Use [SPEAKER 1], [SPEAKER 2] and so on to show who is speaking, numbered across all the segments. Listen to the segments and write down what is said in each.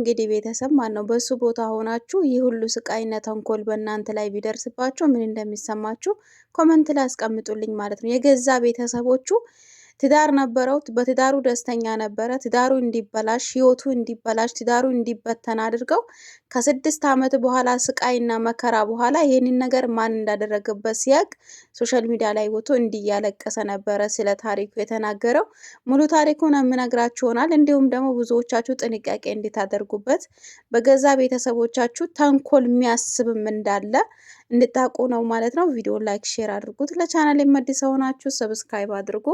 [SPEAKER 1] እንግዲህ ቤተሰብ ማን ነው በሱ ቦታ ሆናችሁ ይህ ሁሉ ስቃይና ተንኮል በእናንተ ላይ ቢደርስባችሁ ምን እንደሚሰማችሁ ኮመንት ላይ አስቀምጡልኝ ማለት ነው። የገዛ ቤተሰቦቹ ትዳር ነበረው። በትዳሩ ደስተኛ ነበረ። ትዳሩ እንዲበላሽ፣ ህይወቱ እንዲበላሽ፣ ትዳሩ እንዲበተን አድርገው ከስድስት ዓመት በኋላ ስቃይና መከራ በኋላ ይህንን ነገር ማን እንዳደረገበት ሲያቅ ሶሻል ሚዲያ ላይ ወጥቶ እንዲያለቀሰ ነበረ ስለ ታሪኩ የተናገረው። ሙሉ ታሪኩን የምነግራችሁ ይሆናል። እንዲሁም ደግሞ ብዙዎቻችሁ ጥንቃቄ እንድታደርጉበት በገዛ ቤተሰቦቻችሁ ተንኮል የሚያስብም እንዳለ እንድታውቁ ነው ማለት ነው። ቪዲዮ ላይክ፣ ሼር አድርጉት። ለቻናል የመዲሰው ናችሁ ሰብስክራይብ አድርጉ።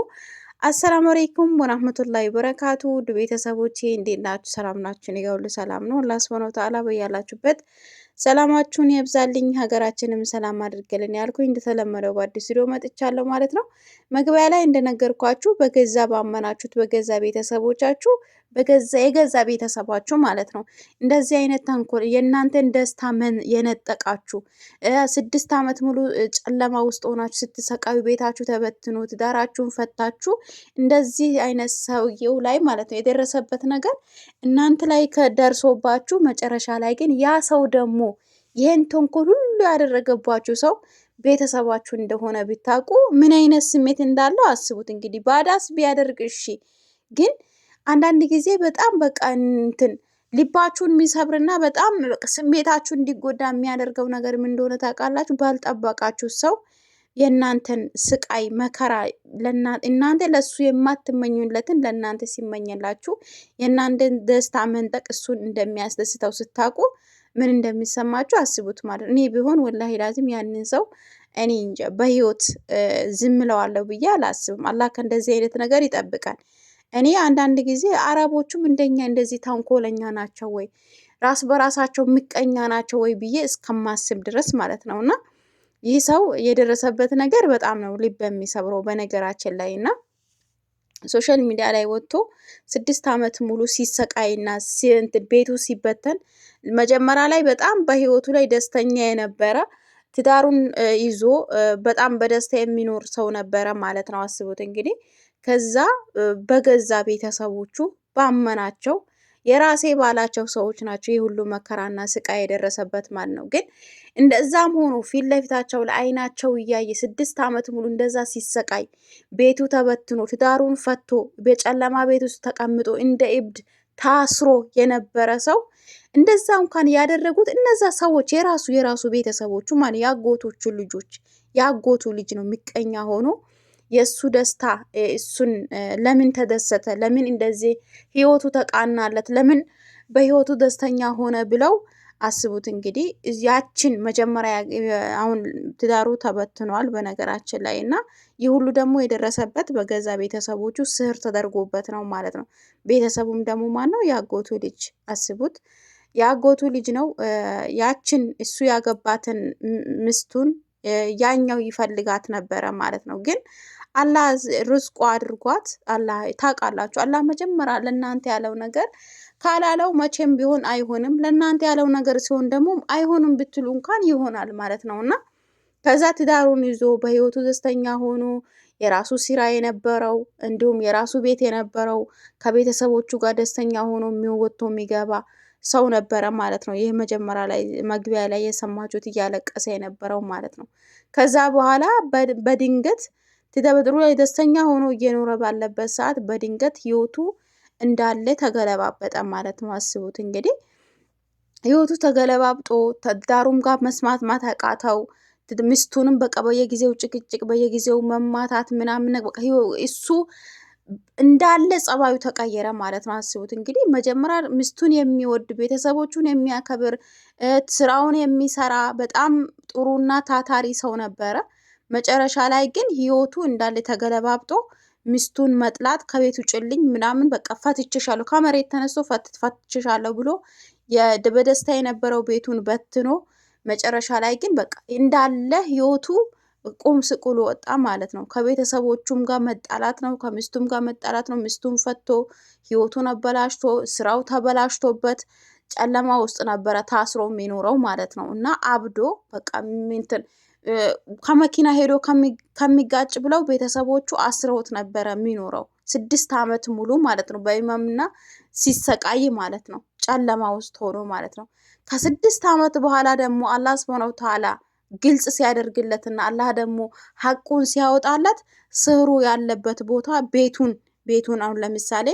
[SPEAKER 1] አሰላሙ አለይኩም ወራህመቱላሂ ወበረካቱ ውድ ቤተሰቦቼ እንዴት ናችሁ? ሰላም ናችሁ? እኔ ጋር ሁሉ ሰላም ነው። አላህ ሱብሃነሁ ወተዓላ በያላችሁበት ሰላማችሁን ይብዛልኝ፣ ሀገራችንም ሰላም አድርገልን ያልኩኝ እንደተለመደው በአዲስ ቪዲዮ መጥቻለሁ ማለት ነው። መግቢያ ላይ እንደነገርኳችሁ በገዛ ባመናችሁት በገዛ ቤተሰቦቻችሁ በገዛ የገዛ ቤተሰባችሁ ማለት ነው። እንደዚህ አይነት ተንኮል የእናንተን ደስታ መን የነጠቃችሁ ስድስት ዓመት ሙሉ ጨለማ ውስጥ ሆናችሁ ስትሰቃዩ ቤታችሁ ተበትኖ ትዳራችሁን ፈታችሁ እንደዚህ አይነት ሰውየው ላይ ማለት ነው የደረሰበት ነገር እናንተ ላይ ከደርሶባችሁ መጨረሻ ላይ ግን ያ ሰው ደግሞ ይህን ተንኮል ሁሉ ያደረገባችሁ ሰው ቤተሰባችሁ እንደሆነ ብታውቁ ምን አይነት ስሜት እንዳለው አስቡት። እንግዲህ ባዳስ ቢያደርግ እሺ ግን አንዳንድ ጊዜ በጣም በቃ እንትን ልባችሁን የሚሰብርና በጣም ስሜታችሁ እንዲጎዳ የሚያደርገው ነገር ምን እንደሆነ ታውቃላችሁ? ባልጠበቃችሁ ሰው የእናንተን ስቃይ መከራ እናንተ ለእሱ የማትመኙለትን ለእናንተ ሲመኝላችሁ የእናንተን ደስታ መንጠቅ እሱን እንደሚያስደስተው ስታውቁ ምን እንደሚሰማችሁ አስቡት ማለት እኔ ቢሆን ወላሂ ላዚም ያንን ሰው እኔ እንጃ በህይወት ዝም እለዋለሁ ብዬ አላስብም። አላህ ከእንደዚህ አይነት ነገር ይጠብቃል። እኔ አንዳንድ ጊዜ አረቦቹም እንደኛ እንደዚህ ተንኮለኛ ናቸው ወይ ራስ በራሳቸው ምቀኛ ናቸው ወይ ብዬ እስከማስብ ድረስ ማለት ነው። እና ይህ ሰው የደረሰበት ነገር በጣም ነው ልብ የሚሰብረው በነገራችን ላይ እና ሶሻል ሚዲያ ላይ ወጥቶ ስድስት ዓመት ሙሉ ሲሰቃይና ቤቱ ሲበተን መጀመሪያ ላይ በጣም በህይወቱ ላይ ደስተኛ የነበረ ትዳሩን ይዞ በጣም በደስታ የሚኖር ሰው ነበረ ማለት ነው። አስቡት እንግዲህ ከዛ በገዛ ቤተሰቦቹ ባመናቸው የራሴ ባላቸው ሰዎች ናቸው የሁሉ መከራና ስቃይ የደረሰበት ማን ነው። ግን እንደዛም ሆኖ ፊት ለፊታቸው ለአይናቸው እያየ ስድስት ዓመት ሙሉ እንደዛ ሲሰቃይ ቤቱ ተበትኖ ትዳሩን ፈቶ በጨለማ ቤት ውስጥ ተቀምጦ እንደ እብድ ታስሮ የነበረ ሰው እንደዛ እንኳን ያደረጉት እነዛ ሰዎች የራሱ የራሱ ቤተሰቦቹ ማን የአጎቶቹ ልጆች ያጎቱ ልጅ ነው ምቀኛ ሆኖ የእሱ ደስታ እሱን ለምን ተደሰተ፣ ለምን እንደዚህ ህይወቱ ተቃናለት፣ ለምን በህይወቱ ደስተኛ ሆነ ብለው አስቡት እንግዲህ ያችን መጀመሪያ አሁን ትዳሩ ተበትኗል በነገራችን ላይ እና ይህ ሁሉ ደግሞ የደረሰበት በገዛ ቤተሰቦቹ ስህር ተደርጎበት ነው ማለት ነው። ቤተሰቡም ደግሞ ማን ነው? የአጎቱ ልጅ አስቡት፣ የአጎቱ ልጅ ነው። ያችን እሱ ያገባትን ምስቱን ያኛው ይፈልጋት ነበረ ማለት ነው ግን አላ ርዝቁ አድርጓት። አላህ ታውቃላችሁ። አላህ መጀመሪያ ለእናንተ ያለው ነገር ካላለው መቼም ቢሆን አይሆንም። ለእናንተ ያለው ነገር ሲሆን ደግሞ አይሆንም ብትሉ እንኳን ይሆናል ማለት ነው እና ከዛ ትዳሩን ይዞ በህይወቱ ደስተኛ ሆኖ የራሱ ስራ የነበረው እንዲሁም የራሱ ቤት የነበረው ከቤተሰቦቹ ጋር ደስተኛ ሆኖ የሚወጥቶ የሚገባ ሰው ነበረ ማለት ነው። ይህ መጀመሪያ ላይ መግቢያ ላይ የሰማችሁት እያለቀሰ የነበረው ማለት ነው። ከዛ በኋላ በድንገት ተበድሮ ላይ ደስተኛ ሆኖ እየኖረ ባለበት ሰዓት በድንገት ህይወቱ እንዳለ ተገለባበጠ ማለት ነው። አስቡት እንግዲህ ህይወቱ ተገለባብጦ ተዳሩም ጋር መስማት ማታቃተው ሚስቱንም በቃ በየጊዜው ጭቅጭቅ፣ በየጊዜው መማታት ምናምን እሱ እንዳለ ጸባዩ ተቀየረ ማለት ነው። አስቡት እንግዲህ መጀመሪያ ሚስቱን የሚወድ ቤተሰቦቹን የሚያከብር ስራውን የሚሰራ በጣም ጥሩና ታታሪ ሰው ነበረ። መጨረሻ ላይ ግን ህይወቱ እንዳለ ተገለባብጦ ሚስቱን መጥላት ከቤቱ ጭልኝ ምናምን በቃ ፈትቼሻለሁ፣ ከመሬት ተነስቶ ፈትቼሻለሁ ብሎ በደስታ የነበረው ቤቱን በትኖ መጨረሻ ላይ ግን በቃ እንዳለ ህይወቱ ቁም ስቅሉ ወጣ ማለት ነው። ከቤተሰቦቹም ጋር መጣላት ነው፣ ከሚስቱም ጋር መጣላት ነው። ሚስቱን ፈቶ ህይወቱን አበላሽቶ ስራው ተበላሽቶበት ጨለማ ውስጥ ነበረ ታስሮ የሚኖረው ማለት ነው እና አብዶ በቃ እንትን ከመኪና ሄዶ ከሚጋጭ ብለው ቤተሰቦቹ አስረውት ነበረ የሚኖረው ስድስት አመት ሙሉ ማለት ነው። በህመምና ሲሰቃይ ማለት ነው። ጨለማ ውስጥ ሆኖ ማለት ነው። ከስድስት ዓመት በኋላ ደግሞ አላህ ስብሐነሁ ተዓላ ግልጽ ሲያደርግለትና አላህ ደግሞ ሀቁን ሲያወጣለት ስህሩ ያለበት ቦታ ቤቱን ቤቱን አሁን ለምሳሌ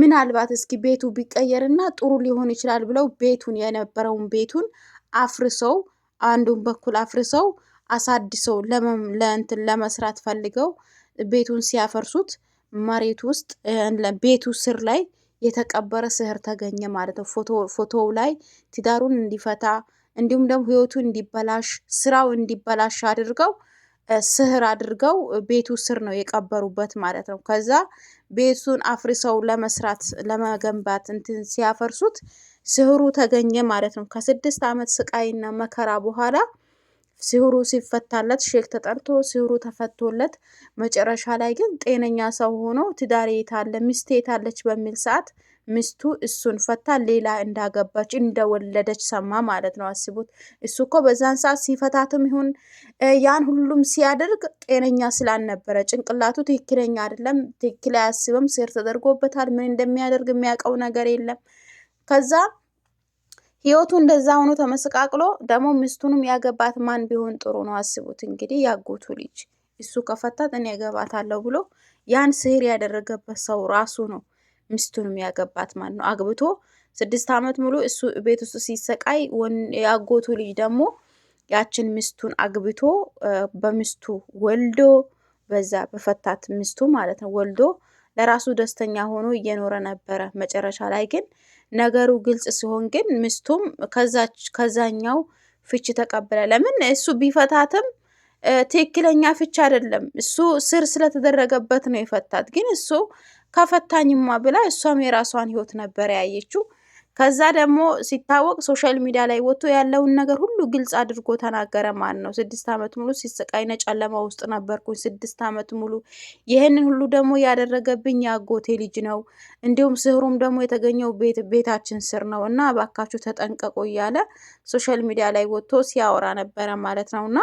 [SPEAKER 1] ምናልባት እስኪ ቤቱ ቢቀየርና ጥሩ ሊሆን ይችላል ብለው ቤቱን የነበረውን ቤቱን አፍርሰው አንዱን በኩል አፍርሰው አሳድሰው ለእንትን ለመስራት ፈልገው ቤቱን ሲያፈርሱት መሬት ውስጥ ቤቱ ስር ላይ የተቀበረ ስህር ተገኘ ማለት ነው። ፎቶው ላይ ትዳሩን እንዲፈታ እንዲሁም ደግሞ ህይወቱ እንዲበላሽ ስራው እንዲበላሽ አድርገው ስህር አድርገው ቤቱ ስር ነው የቀበሩበት ማለት ነው። ከዛ ቤቱን አፍርሰው ለመስራት ለመገንባት እንትን ሲያፈርሱት ስህሩ ተገኘ ማለት ነው። ከስድስት ዓመት ስቃይና መከራ በኋላ ሲሁሩ ሲፈታለት ሼክ ተጠርቶ ሲሁሩ ተፈቶለት መጨረሻ ላይ ግን ጤነኛ ሰው ሆኖ ትዳር የታለ ሚስት የታለች በሚል ሰዓት ሚስቱ እሱን ፈታ ሌላ እንዳገባች እንደወለደች ሰማ ማለት ነው። አስቡት። እሱ እኮ በዛን ሰዓት ሲፈታትም ይሁን ያን ሁሉም ሲያደርግ ጤነኛ ስላልነበረ ጭንቅላቱ ትክክለኛ አይደለም፣ ትክክል አያስብም፣ ሴር ተደርጎበታል። ምን እንደሚያደርግ የሚያውቀው ነገር የለም። ከዛ ህይወቱ እንደዛ ሆኖ ተመስቃቅሎ ደግሞ ሚስቱንም ያገባት ማን ቢሆን ጥሩ ነው? አስቡት እንግዲህ ያጎቱ ልጅ እሱ ከፈታት እኔ ያገባታለሁ ብሎ ያን ስህር ያደረገበት ሰው ራሱ ነው ሚስቱንም ያገባት ማን ነው? አግብቶ ስድስት ዓመት ሙሉ እሱ ቤት ውስጥ ሲሰቃይ ያጎቱ ልጅ ደግሞ ያችን ሚስቱን አግብቶ በሚስቱ ወልዶ በዛ በፈታት ሚስቱ ማለት ነው ወልዶ ለራሱ ደስተኛ ሆኖ እየኖረ ነበረ። መጨረሻ ላይ ግን ነገሩ ግልጽ ሲሆን ግን ሚስቱም ከዛኛው ፍቺ ተቀብለ ለምን እሱ ቢፈታትም ትክክለኛ ፍቺ አይደለም። እሱ ስር ስለተደረገበት ነው የፈታት። ግን እሱ ከፈታኝማ ብላ እሷም የራሷን ህይወት ነበር ያየችው። ከዛ ደግሞ ሲታወቅ ሶሻል ሚዲያ ላይ ወጥቶ ያለውን ነገር ሁሉ ግልጽ አድርጎ ተናገረ ማለት ነው። ስድስት ዓመት ሙሉ ሲሰቃይነ ጨለማ ውስጥ ነበርኩኝ ስድስት ዓመት ሙሉ። ይህንን ሁሉ ደግሞ ያደረገብኝ የአጎቴ ልጅ ነው። እንዲሁም ስህሩም ደግሞ የተገኘው ቤታችን ስር ነው እና ባካችሁ ተጠንቀቁ እያለ ሶሻል ሚዲያ ላይ ወጥቶ ሲያወራ ነበረ ማለት ነው እና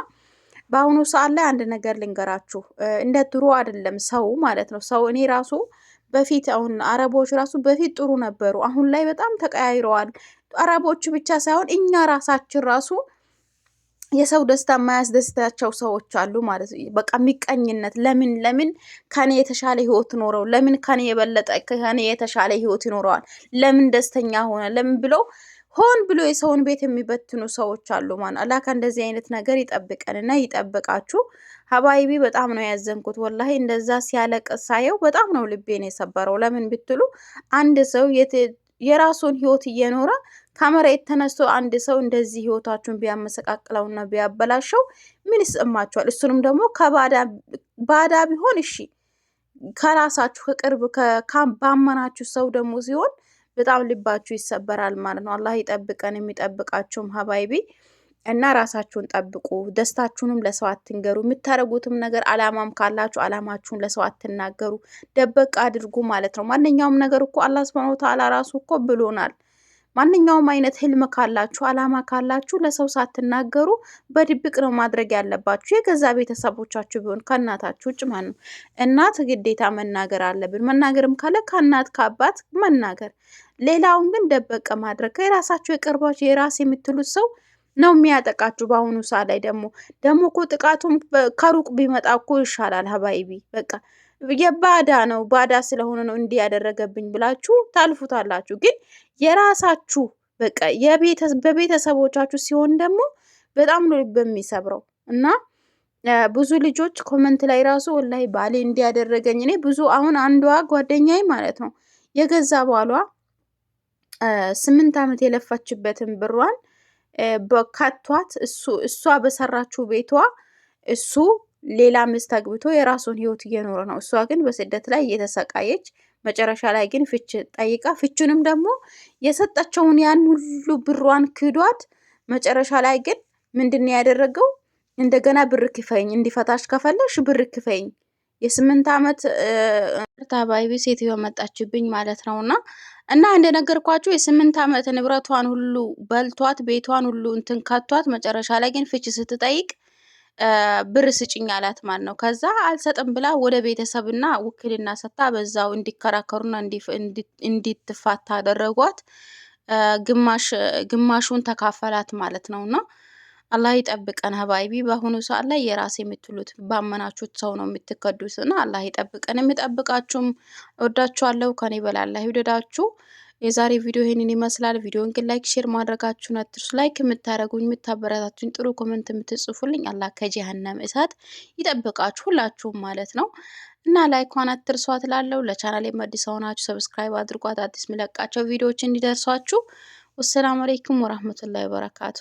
[SPEAKER 1] በአሁኑ ሰዓት ላይ አንድ ነገር ልንገራችሁ፣ እንደ ድሮ አይደለም ሰው ማለት ነው። ሰው እኔ ራሱ በፊት አሁን አረቦች ራሱ በፊት ጥሩ ነበሩ፣ አሁን ላይ በጣም ተቀያይረዋል። አረቦቹ ብቻ ሳይሆን እኛ ራሳችን ራሱ የሰው ደስታ የማያስደስታቸው ሰዎች አሉ ማለት ነው። በቃ የሚቀኝነት ለምን ለምን ከኔ የተሻለ ህይወት ኖረው ለምን ከኔ የበለጠ ከኔ የተሻለ ህይወት ይኖረዋል ለምን ደስተኛ ሆነ ለምን ብለው ሆን ብሎ የሰውን ቤት የሚበትኑ ሰዎች አሉ ማለት አላህ ከእንደዚህ አይነት ነገር ይጠብቀን እና ይጠብቃችሁ። ሀባይቢ በጣም ነው ያዘንኩት። ወላሂ እንደዛ ሲያለቅስ ሳየው በጣም ነው ልቤን የሰበረው። ለምን ብትሉ አንድ ሰው የራሱን ህይወት እየኖረ ከመሬት ተነስቶ አንድ ሰው እንደዚህ ህይወታችሁን ቢያመሰቃቅለውና ቢያበላሸው ምን ይሰማችኋል? እሱንም ደግሞ ከባዳ ቢሆን እሺ ከራሳችሁ ከቅርብ ባመናችሁ ሰው ደግሞ ሲሆን በጣም ልባችሁ ይሰበራል ማለት ነው። አላህ ይጠብቀን የሚጠብቃችሁም ሀባይቢ እና ራሳችሁን ጠብቁ። ደስታችሁንም ለሰው አትንገሩ። የምታደርጉትም ነገር አላማም ካላችሁ አላማችሁን ለሰው አትናገሩ። ደበቅ አድርጉ ማለት ነው። ማንኛውም ነገር እኮ አላህ ሱብሃነሁ ወተዓላ ራሱ እኮ ብሎናል። ማንኛውም አይነት ህልም ካላችሁ አላማ ካላችሁ ለሰው ሳትናገሩ በድብቅ ነው ማድረግ ያለባችሁ። የገዛ ቤተሰቦቻችሁ ቢሆን ከእናታችሁ ውጭ ማን ነው። እናት ግዴታ መናገር አለብን። መናገርም ካለ ከእናት ከአባት መናገር። ሌላውን ግን ደበቀ ማድረግ ከራሳችሁ የቅርባችሁ የራስ የምትሉት ሰው ነው የሚያጠቃችሁ። በአሁኑ ሰዓት ላይ ደግሞ ደግሞ እኮ ጥቃቱም ከሩቅ ቢመጣ እኮ ይሻላል። ሀባይቢ በቃ የባዳ ነው ባዳ ስለሆነ ነው እንዲህ ያደረገብኝ ብላችሁ ታልፉታላችሁ። ግን የራሳችሁ በቃ በቤተሰቦቻችሁ ሲሆን ደግሞ በጣም ነው ልብ የሚሰብረው እና ብዙ ልጆች ኮመንት ላይ ራሱ ወላሂ ባሌ እንዲያደረገኝ እኔ ብዙ አሁን አንዷ ጓደኛዬ ማለት ነው የገዛ ባሏ ስምንት ዓመት የለፋችበትን ብሯን እሱ እሷ በሰራችው ቤቷ እሱ ሌላ ሚስት አግብቶ የራሱን ህይወት እየኖረ ነው። እሷ ግን በስደት ላይ እየተሰቃየች መጨረሻ ላይ ግን ፍች ጠይቃ ፍቹንም ደግሞ የሰጠችውን ያን ሁሉ ብሯን ክዷት መጨረሻ ላይ ግን ምንድን ያደረገው? እንደገና ብር ክፈኝ፣ እንዲፈታሽ ከፈለሽ ብር ክፈኝ። የስምንት ዓመት ታባይቢ ሴትዮ መጣችብኝ ማለት ነው እና እና እንደነገርኳችሁ የስምንት ዓመት ንብረቷን ሁሉ በልቷት ቤቷን ሁሉ እንትን ከቷት፣ መጨረሻ ላይ ግን ፍቺ ስትጠይቅ ብር ስጭኝ አላት ማለት ነው። ከዛ አልሰጥም ብላ ወደ ቤተሰብና ውክልና ሰታ በዛው እንዲከራከሩና እንዲትፋታ አደረጓት። ግማሽ ግማሹን ተካፈላት ማለት ነው እና አላህ ይጠብቀን። ሀባይቢ በአሁኑ ሰዓት ላይ የራሴ የምትሉት ባመናችሁት ሰው ነው የምትከዱት እና አላህ ይጠብቀን። የሚጠብቃችሁም ወዳችኋለሁ፣ ከኔ በላይ አላህ ይውደዳችሁ። የዛሬ ቪዲዮ ይህንን ይመስላል። ቪዲዮን ግን ላይክ፣ ሼር ማድረጋችሁን አትርሱ። ላይክ የምታደረጉኝ የምታበረታቱኝ፣ ጥሩ ኮመንት የምትጽፉልኝ አላህ ከጀሃነም እሳት ይጠብቃችሁ ሁላችሁም ማለት ነው እና ላይኳን አትርሷት እላለሁ። ለቻናል የመዲስ ሆናችሁ ሰብስክራይብ አድርጓት አዲስ ምለቃቸው ቪዲዮዎች እንዲደርሷችሁ። ወሰላሙ አሌይኩም ወራህመቱላሂ ወበረካቱ